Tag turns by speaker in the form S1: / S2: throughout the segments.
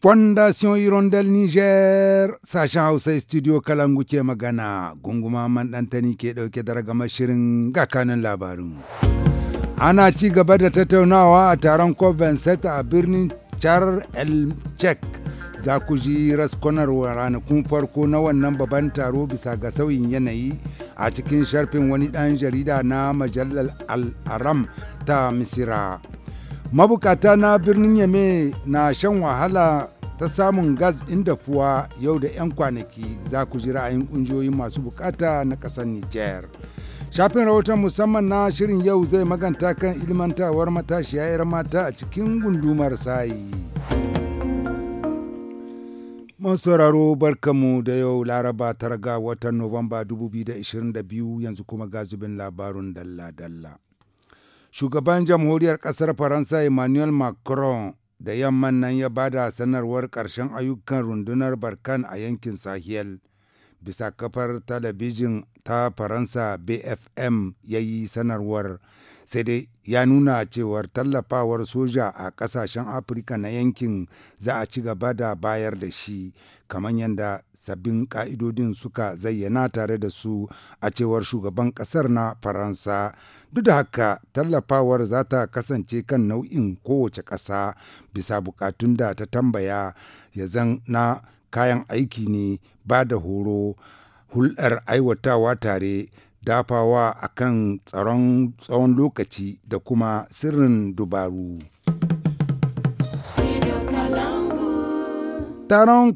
S1: fondation hirondel niger sashen hausa studio kalangu ke magana gunguma man ɗantani ke ɗauke da ragamar shirin ga labarin ana ci gaba da tattaunawa a taron cop a birnin char el chek za ku ji raskonarwa ranakun farko na wannan babban taro bisa ga sauyin yanayi a cikin sharfin wani ɗan jarida na al-aram ta misira mabukata na birnin yame na shan wahala ta samun gas ɗin fuwa yau da 'yan kwanaki za ku ji ra'ayin ƙungiyoyin masu bukata na ƙasar niger shafin rahoton musamman na shirin yau zai maganta kan ilmantawar matashiya 'yar mata a cikin gundumar sayi. sauraro barkamu da yau laraba ta raga watan Nuwamba 2022 yanzu kuma ga zubin labarun dalla-dalla. Shugaban jamhuriyar ƙasar Faransa Emmanuel Macron da yamman nan ya bada sanarwar ƙarshen ayyukan rundunar Barkan a yankin Sahel bisa kafar talabijin ta Faransa BFM ya yi sanarwar sai dai ya nuna cewar tallafawar soja a ƙasashen afirka na yankin za a ci gaba da bayar da shi kamar yadda sabbin ƙa'idodin suka zayyana tare da su a cewar shugaban ƙasar na faransa duk da haka tallafawar za ta kasance kan nau'in kowace ƙasa bisa buƙatun da ta tambaya ya zan na kayan aiki ne ba da horo hulɗar aiwatawa tare dafawa a kan tsaron tsawon lokaci da kuma sirrin dubaru. Taron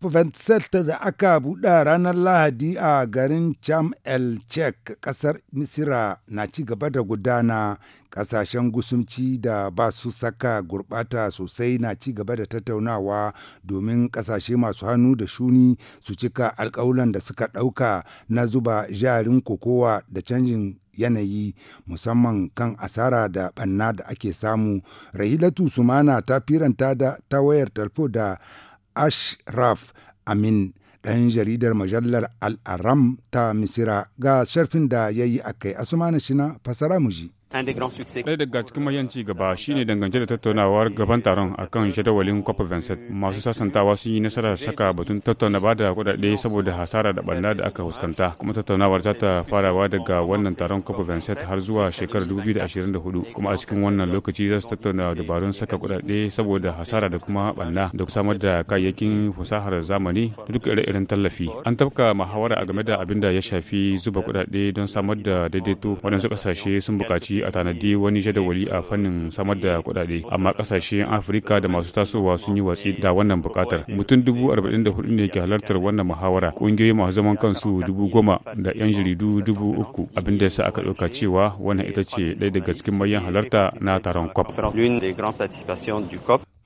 S1: Pvenset da aka buɗa ranar Lahadi a garin Cham el Chek ƙasar Misira na ci gaba da gudana ƙasashen gusumci da ba su saka gurɓata sosai na ci gaba da tattaunawa domin ƙasashe masu hannu da shuni su cika alƙawulan da suka ɗauka na zuba jarin kokowa da canjin yanayi musamman kan asara da ɓanna da ake samu rahilatu sumana ta firanta da ta wayar tarfo da ashraf amin ɗan jaridar al al'aram ta misira ga sharfin da ya yi a kai asumani shina fasara muji.
S2: Ɗaya daga cikin manyan ci gaba shine dangance da tattaunawar gaban taron a kan jadawalin COP27. Masu sasantawa sun yi nasarar saka batun tattauna ba da kuɗaɗe saboda hasara da ɓanna da aka fuskanta. Kuma tattaunawar za ta farawa daga wannan taron COP27 har zuwa shekarar 2024. Kuma a cikin wannan lokaci za su tattauna dabarun saka kuɗaɗe saboda hasara da kuma barna da samar da kayayyakin fasahar zamani da duk ire-iren tallafi. An tafka muhawara a game da abin da ya shafi zuba kuɗaɗe don samar da daidaito waɗansu ƙasashe sun buƙaci a tanadi wani jadawali a fannin samar da kuɗaɗe amma kasashen afirka da masu tasowa sun yi watsi da wannan buƙatar mutum dubu arba'in da hudu ne ke halartar wannan muhawara ƙungiyoyi masu zaman kansu dubu goma da 'yan jaridu dubu uku abin da ya sa aka ɗauka cewa wannan ita ce ɗaya daga cikin manyan halarta na taron cop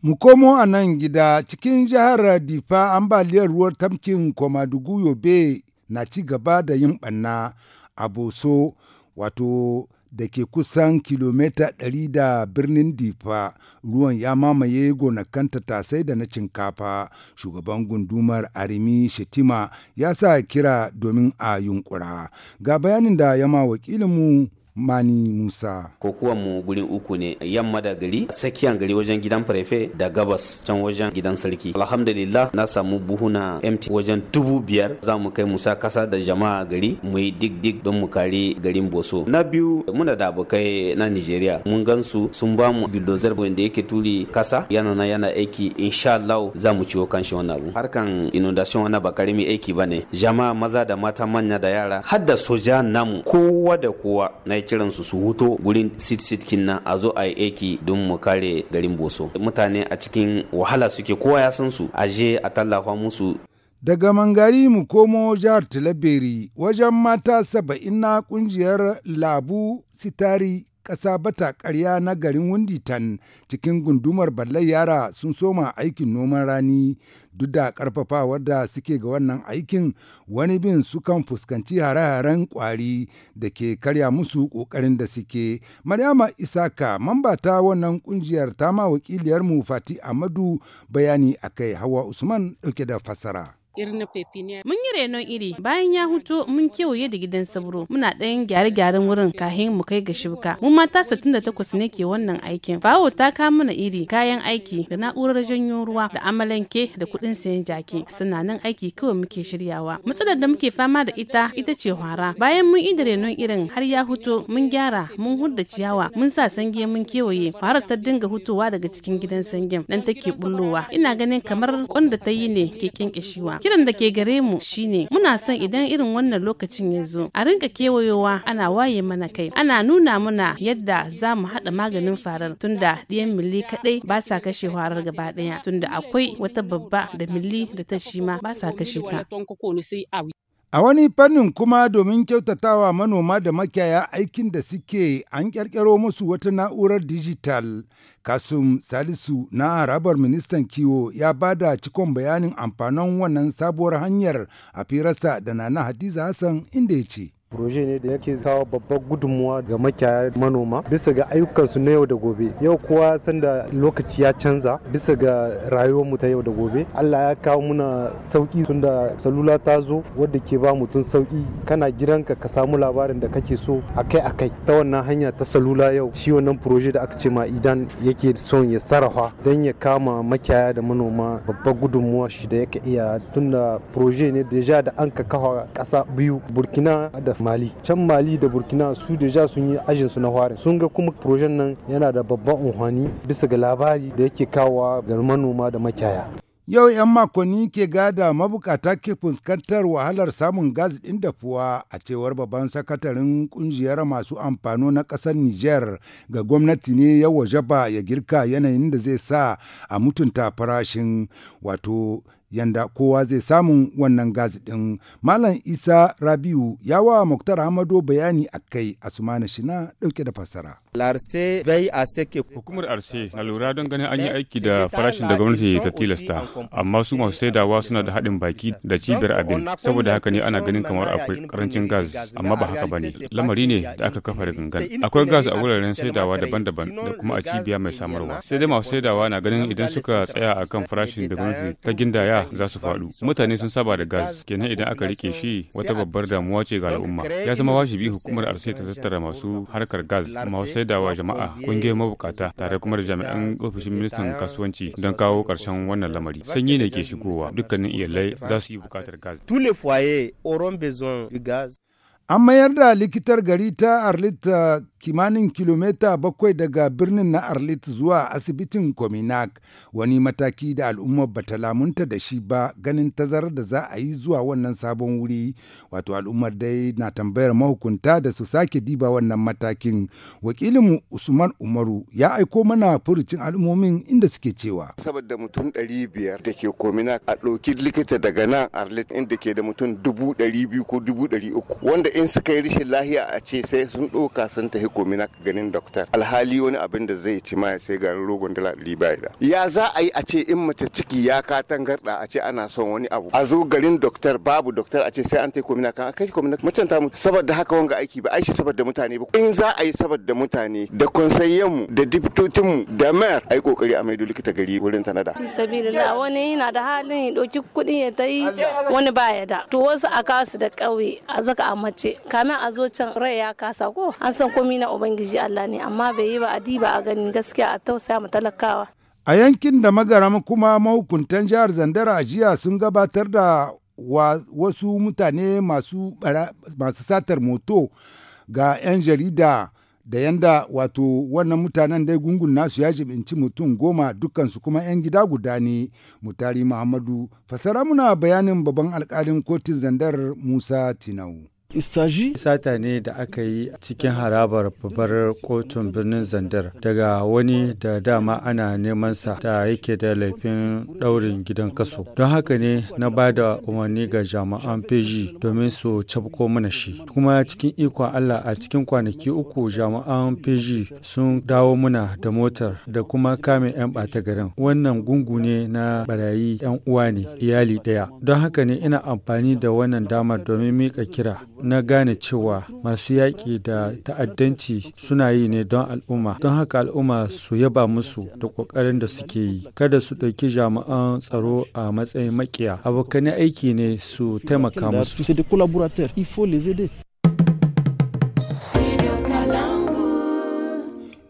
S1: Mu komo a nan gida cikin jihar Difa ambaliyar ruwar tamkin Komadugu Yobe na ci gaba da yin ɓanna a Boso wato da ke kusan kilomita 100 da birnin difa ruwan ya mamaye gonakan tatasai da na cinkafa shugaban gundumar arimi shetima ya sa kira domin a yunkura ga bayanin da ya ma wakilinmu Mani Musa. Kokuwan
S3: mu gurin uku ne yamma da gari, tsakiyar gari wajen gidan farefe da gabas can wajen gidan sarki. Alhamdulillah na samu buhuna MT wajen dubu biyar za mu kai musa kasa da jama'a gari mu yi dik dik don mu kare garin Boso. Na biyu muna da abokai na Nigeria mun gansu su sun ba mu bulldozer wanda yake turi kasa yana na yana aiki insha allahu za mu ciwo kan shi wannan abu. Harkan inundation wani ba karimi aiki bane. Jama'a maza da mata manya da yara har da soja namu kowa da kowa na kiran su su huto gurin sit sit kinna a zo a yi aiki don mu kare garin boso mutane a cikin wahala suke kowa ya san su a je
S2: a tallafa musu
S1: daga mangari mu komo jihar talabiri wajen mata saba'in na kungiyar labu sitari ƙasa bata ƙarya na garin wunditan cikin gundumar ballai yara sun soma aikin noman rani duk da ƙarfafawa da suke ga wannan aikin wani bin sukan fuskanci hare-haren ƙwari da ke karya musu ƙoƙarin da suke. Maryama Isaka mamba ta wannan ƙungiyar ta ma wakiliyarmu Fati Amadu bayani akai Hawa Usman ɗauke da fasara
S3: irin pepiniya. Mun yi renon iri bayan ya huto mun kewaye da gidan sabro muna ɗayan gyare-gyaren wurin kahin mu kai ga shibka. Mu mata takwas ne ke wannan aikin. Bawo ta ka mana iri kayan aiki da na'urar janyo ruwa da amalanke da kuɗin sayan jaki suna nan aiki kawai muke shiryawa. Matsalar da muke fama da ita ita ce hwara. Bayan mun yi da renon irin har ya huto mun gyara mun hudda ciyawa mun sa sange mun kewaye hwarar ta dinga hutowa daga cikin gidan sangen nan take bullowa. Ina ganin kamar kwanda ta yi ne ke kyankeshewa. Kiran da ke gare mu shine muna son idan irin wannan lokacin ya zo a rinka kewayowa ana waye mana kai ana nuna mana yadda za mu haɗa maganin farar tunda ɗiyan milli kaɗai ba sa kashe farar gaba ɗaya tunda akwai wata babba da milli da ta shi ma ba sa kashe ta.
S1: A wani fannin kuma domin kyautatawa manoma da makiyaya aikin da suke an ƙirƙiro musu wata na'urar dijital. Kasum Salisu na harabar ministan kiwo ya ba da cikon bayanin amfanin wannan sabuwar hanyar a firarsa da Nana Hadiza Hassan inda ya ce. Proje ne da yake kawo babbar gudunmuwa ga makiyaya manoma bisa ga ayyukansu na yau da gobe. Yau kuwa sanda lokaci ya canza bisa ga rayuwarmu ta yau da gobe. Allah ya kawo muna sauki tunda salula ta zo wadda ke ba mutum sauki kana gidanka ka samu labarin da kake so akai-akai ta wannan hanya ta salula yau shi wannan proje da aka ce ma idan yake son ya sarrafa don ya kama makiyaya da manoma babbar gudunmuwa shi da yake iya tunda proje ne da da an ka kawo ƙasa biyu burkina da mali can mali da burkina su ja sun yi ajin su na fari. sun ga kuma projen nan yana da babban unhwani bisa ga labari da yake kawo ga manoma da makiyaya yau 'yan makonni ke gada mabukata ke fuskantar wahalar samun gas ɗin dafuwa a cewar babban sakatarin kungiyar masu amfano na ƙasar niger ga gwamnati ne ya waje ya girka yanayin da zai sa a mutunta farashin wato yanda kowa zai samu wannan gas ɗin. Malam Isa Rabiu ya wa Muktar Hamado bayani a kai Asumana na ɗauke da fassara.
S2: Larse bai a sake hukumar Arse na lura don ganin an yi eh, aiki da farashin da gwamnati ta tilasta amma su masu saidawa suna da haɗin baki da cibiyar abin saboda haka ne ana ganin kamar akwai karancin gaz amma ba haka bane lamari ne da aka kafa da gangan akwai gaz a wuraren saidawa daban-daban da kuma a cibiya mai samarwa sai dai masu saidawa na ganin idan suka tsaya akan farashin da gwamnati ta gindaya za su faɗu mutane sun saba da gas kenan idan aka rike shi wata babbar damuwa ce ga al'umma ya zama bi hukumar arsai ta tattara masu harkar gas sai da wa jama'a kungiyoyin mabukata tare kuma da jami'an ofishin ministan kasuwanci don kawo karshen wannan lamari sanyi ne ke shigowa dukkanin iyalai za su yi bukatar gas
S1: an mayar da likitar gari ta arlita kimanin kilomita bakwai daga birnin na Arlit zuwa asibitin Kominak, wani mataki da al'ummar bata lamunta da shi ba ganin tazarar da za a yi zuwa wannan sabon wuri. Wato al'ummar dai na tambayar mahukunta da su sake diba wannan matakin. Wakilinmu Usman Umaru ya aiko mana furucin al'ummomin inda suke cewa. Saboda mutum ɗari biyar da ke Kominak a ɗauki likita daga nan Arlit inda ke da mutum dubu ɗari biyu ko dubu ɗari uku wanda in suka yi rashin lahiya a ce sai sun ɗauka sun tafi komi na ganin doktor alhali wani abin da zai ci ma ya sai garin rogon dala ɗari ba da ya za a yi a ce in mace ciki ya ka tangarɗa a ce ana son wani abu a zo garin doktor babu doktor a ce sai an tai komi na kan a kai komi na macen ta mutu saboda haka wanga aiki ba aishi saboda mutane ba in za a yi saboda mutane da mu da mu da mayar a yi kokari a maido likita gari wurin tanada.
S3: Sabilillah wani yana da halin ya ɗauki kuɗi ya ta yi wani ya da. To wasu a kasu da ƙauye a zaka a mace kamin a zo can rai ya kasa ko an san komi na ubangiji Allah ne amma bai yi ba a ba a gani gaskiya a tausaya mu talakawa
S1: a yankin da magaram kuma mahukuntan jihar zandara a jiya sun gabatar da wasu mutane masu, masu satar moto ga 'yan jarida da yanda wato wannan mutanen dai gungun nasu ya jibinci mutum goma dukansu kuma 'yan gida guda ne mutari muhammadu fasara muna bayanin babban alkalin kotun zandar musa tinau
S2: Isaji? Sata ne da aka yi cikin harabar babbar kotun birnin Zandar daga wani da dama ana neman sa da yake da laifin daurin gidan kaso. Don haka ne na ba da umarni ga jama'an feji domin su cafko mana shi. Kuma cikin ikon Allah a cikin kwanaki uku jama'an feji sun dawo muna da motar da kuma kame 'yan bata garin. Wannan gungu ne na barayi 'yan uwa ne iyali ɗaya. Don haka ne ina amfani da wannan damar domin mika kira na gane cewa masu yaƙi da ta'addanci suna yi ne don al'umma don haka al'umma su yaba musu da ƙoƙarin da suke yi kada su ɗauki jami'an tsaro a matsayin makiya abokan aiki ne su taimaka musu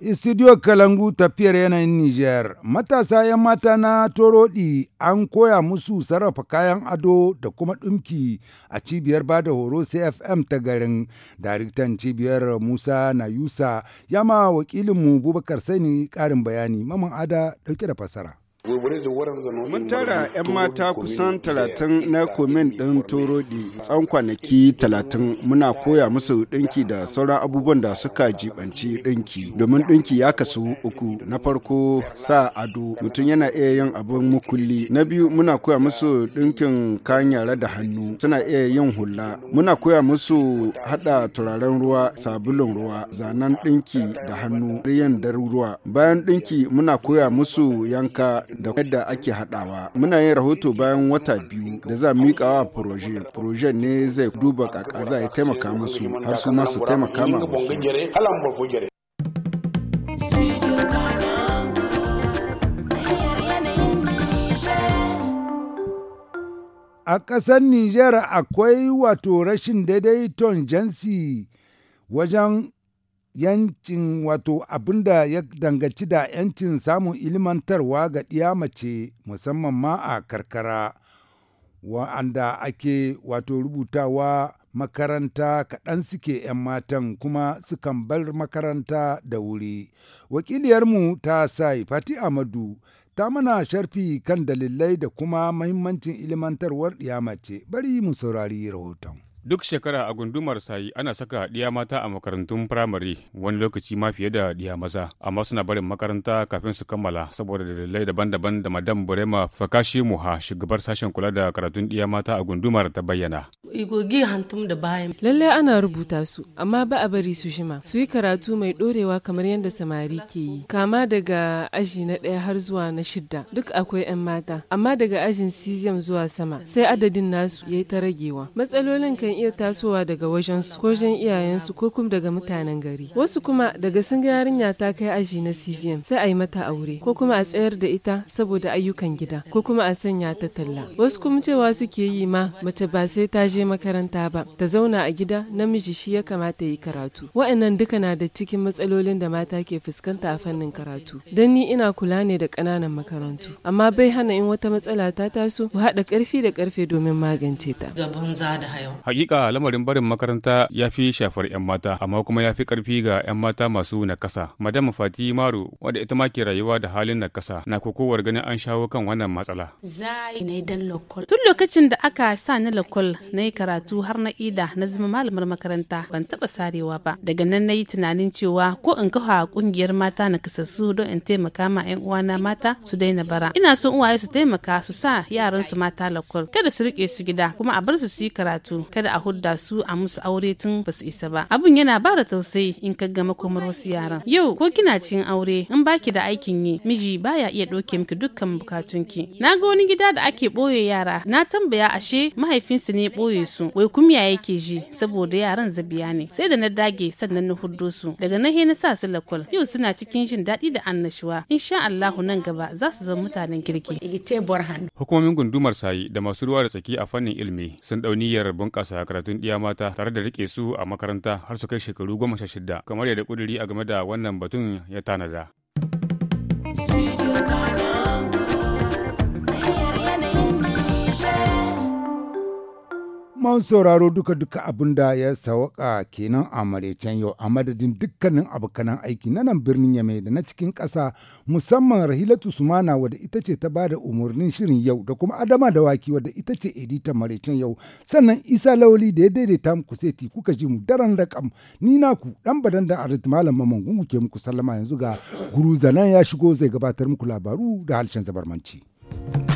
S1: Studio Kalangu tafiyar yanayin Nijar, matasa 'yan mata na Torodi an koya musu sarrafa kayan ado da kuma ɗumki a cibiyar bada horo CFM ta garin. daritan cibiyar Musa yusa ya ma wakilinmu Bubakar Sani ƙarin bayani, maman ada dauke da fasara. Mun tara 'yan mata kusan talatin na komin ɗin Torodi tsawon kwanaki talatin muna koya musu ɗinki da sauran abubuwan da suka jibanci ɗinki. Domin ɗinki ya kasu uku na farko sa ado mutum yana iya yin abin mukulli. Na biyu muna koya musu ɗinkin kayan yara da hannu suna iya yin hula. Muna koya musu haɗa turaren ruwa sabulun ruwa zanen ɗinki da hannu yin daruruwa. Bayan ɗinki muna koya musu yanka da yadda ake haɗawa. Muna yin rahoto bayan wata biyu da za miƙa wa proje. Proje ne zai duba kaka za ya taimaka musu har su masu taimaka ma wasu. a ƙasar Nijar akwai wato rashin daidaiton jansi wajen yancin wato abin da ya danganci da yancin samun ilimantarwa ga ɗiya mace musamman ma a karkara wa'anda ake wato rubutawa makaranta kaɗan suke 'yan matan kuma sukan bar makaranta da wuri wakiliyarmu ta sai fati amadu ta mana sharfi kan dalilai da kuma mahimmancin ilimantarwar ɗiya mace bari mu saurari rahoton
S2: Duk shekara a gundumar sayi ana saka ɗiya mata a makarantun firamare wani lokaci ma fiye da ɗiya maza, amma suna barin makaranta kafin su kammala saboda dalilai daban-daban da Madam Burema Fakashi Muha shugabar sashen kula da karatun ɗiya mata a gundumar ta bayyana.
S3: lallai ana rubuta su, amma ba a bari su shima. Su yi karatu mai ɗorewa kamar yadda samari ke yi. Kama daga aji na ɗaya har zuwa na shidda duk akwai 'yan mata, amma daga ajin sizium zuwa sama sai adadin nasu ya yi ta ragewa. Matsalolin kai kan iya tasowa daga wajensu ko wajen iyayensu ko kuma daga mutanen gari. Wasu kuma daga sun ga yarinya ta kai aji na CZM sai a yi mata aure ko kuma a tsayar da ita saboda ayyukan gida ko kuma a sanya ta talla. Wasu kuma cewa suke yi ma mace ba sai ta je makaranta ba ta zauna a gida namiji shi ya kamata yi karatu. Wa'annan duka na da cikin matsalolin da mata ke fuskanta a fannin karatu. Don ni ina kula ne da ƙananan makarantu amma bai hana in wata matsala ta taso ku haɗa ƙarfi da ƙarfe domin magance ta.
S2: Hakika lamarin barin makaranta ya fi shafar 'yan mata, amma kuma ya fi ƙarfi ga 'yan mata masu nakasa. Madam Fati maru wadda ita ma ke rayuwa da halin nakasa, na kokowar ganin an shawo kan wannan matsala.
S3: Tun lokacin da aka sa ni lokol na yi karatu har na ida na zama malamar makaranta ban taɓa sarewa ba. Daga nan na yi tunanin cewa ko in kafa kungiyar mata na kasassu don in taimaka ma 'yan uwana mata su daina bara. Ina son uwaye su taimaka su sa yaran su mata lokol. Kada su rike su gida kuma a bar su su yi karatu. Kada a hudda su a musu aure tun ba su isa ba abun yana ba da tausayi in ka ga makomar wasu yaran yau ko kina cikin aure in baki da aikin yi miji baya iya ɗauke miki dukkan bukatun ki na ga wani gida da ake ɓoye yara na tambaya ashe mahaifinsu ne ɓoye su wai kumiya yake ji saboda yaran zabiya ne sai da na dage sannan na huddo su daga na na sa su lakwal yau suna cikin jin daɗi da annashuwa insha Allahu nan gaba za su zama mutanen kirki
S2: hukumomin gundumar sayi da masu ruwa da tsaki a fannin ilimi sun ɗauniyar bunƙasa da karatun ɗiya mata tare da rike su a makaranta har su kai shekaru goma sha shida kamar yadda ƙuduri a game da wannan batun ya tanada.
S1: Man sauraro duka-duka abin da ya sawaka kenan a maraicen yau a madadin dukkanin abokanan aiki na nan birnin Yamai da na cikin ƙasa musamman Rahilatu Sumana wadda ita ce ta ba da umarnin shirin yau da kuma Adama da Waki wadda ita ce editan maraicen yau sannan Isa Lawali da ya daidaita muku seti kuka ji mu daren kam ni naku dan badan da Arit Malam Mamangun ke muku sallama yanzu ga guru zanen ya shigo zai gabatar muku labaru da harshen zabarmanci.